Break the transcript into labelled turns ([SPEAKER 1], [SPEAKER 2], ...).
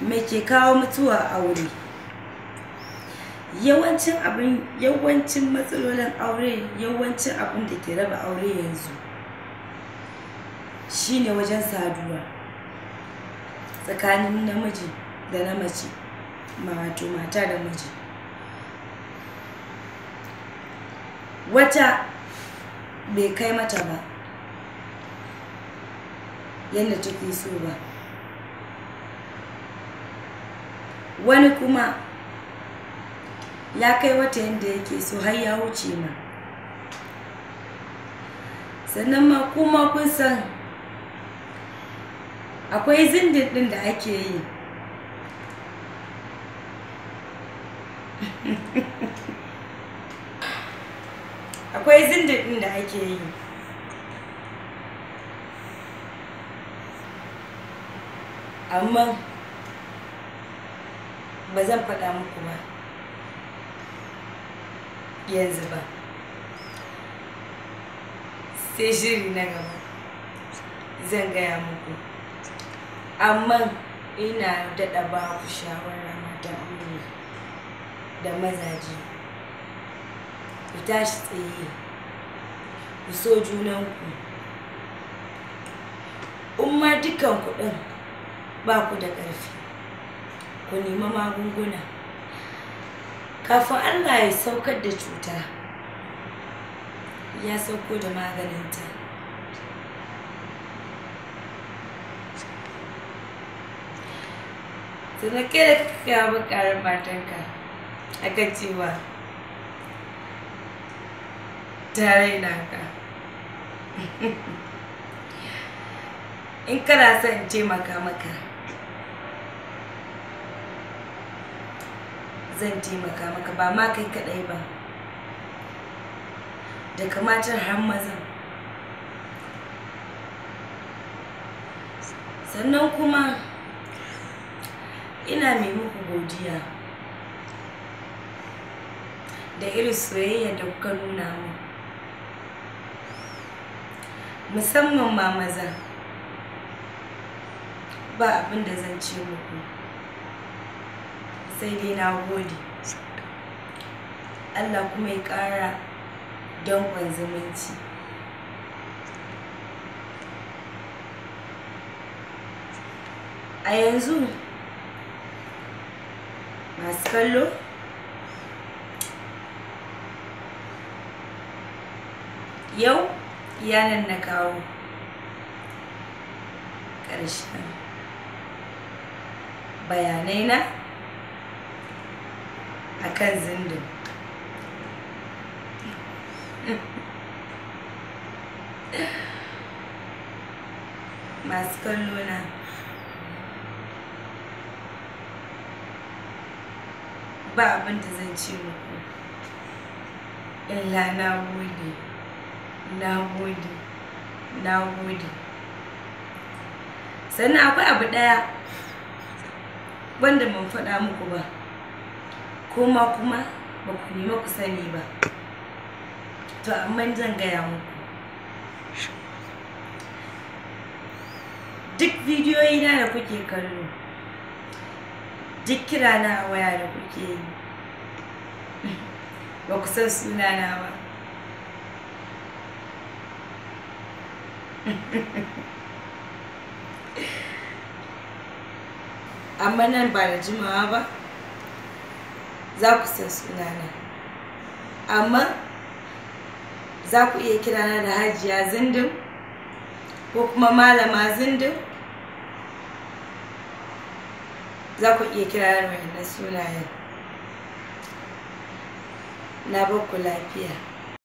[SPEAKER 1] mai ke kawo mutuwa a aure yawancin abin yawancin matsalolin aure yawancin abin da ke raba aure yanzu shine wajen saduwa tsakanin namiji da na mace mawato mata da miji wata bai kai mata ba yadda take so ba wani kuma ya kai wata yadda yake so har ya wuce ma sannan ma kuma kun san akwai zindin din da ake yi akwai zindin din da ake yi amma ba zan faɗa muku ba yanzu ba sai shiri na gaba zan gaya muku amma ina daɗa ba ku shawara mata aure da mazaje ku tashi tsaye ku so junanku in ma dukan kuɗin ba ku da ƙarfi ku nemi magunguna kafin allah ya saukar da cuta ya sauko da maganinta sannan kai da kaka bukarar matanka a kan cewa tare na ka in kana son taimaka maka zan taimaka maka ba ma kai kaɗai ba da kamatar har mazan sannan kuma ina mai muku godiya da irin soyayya da kuka nuna mu musamman ma maza ba abinda zan ce muku sai dai na gode allah kuma ya kara don zumunci a yanzu masu kallo yau yanar na kawo ƙarshen bayanai na a kan zindin masu kallo na ba abin da zan ce muku illa na gode na gode na gode sannan akwai abu ɗaya wanda mun faɗa muku ba Koma kuma ba ku yi ku sani ba to amma zan gaya muku duk bidiyoyi na da kuke kallo duk kira na waya da kuke yi ba ku san sunana ba amma nan ba da jimawa ba za ku san sunana amma za ku iya kirana da hajiya zindin ko kuma malama zindin za ku iya kirana da wayannan sunayen na ku lafiya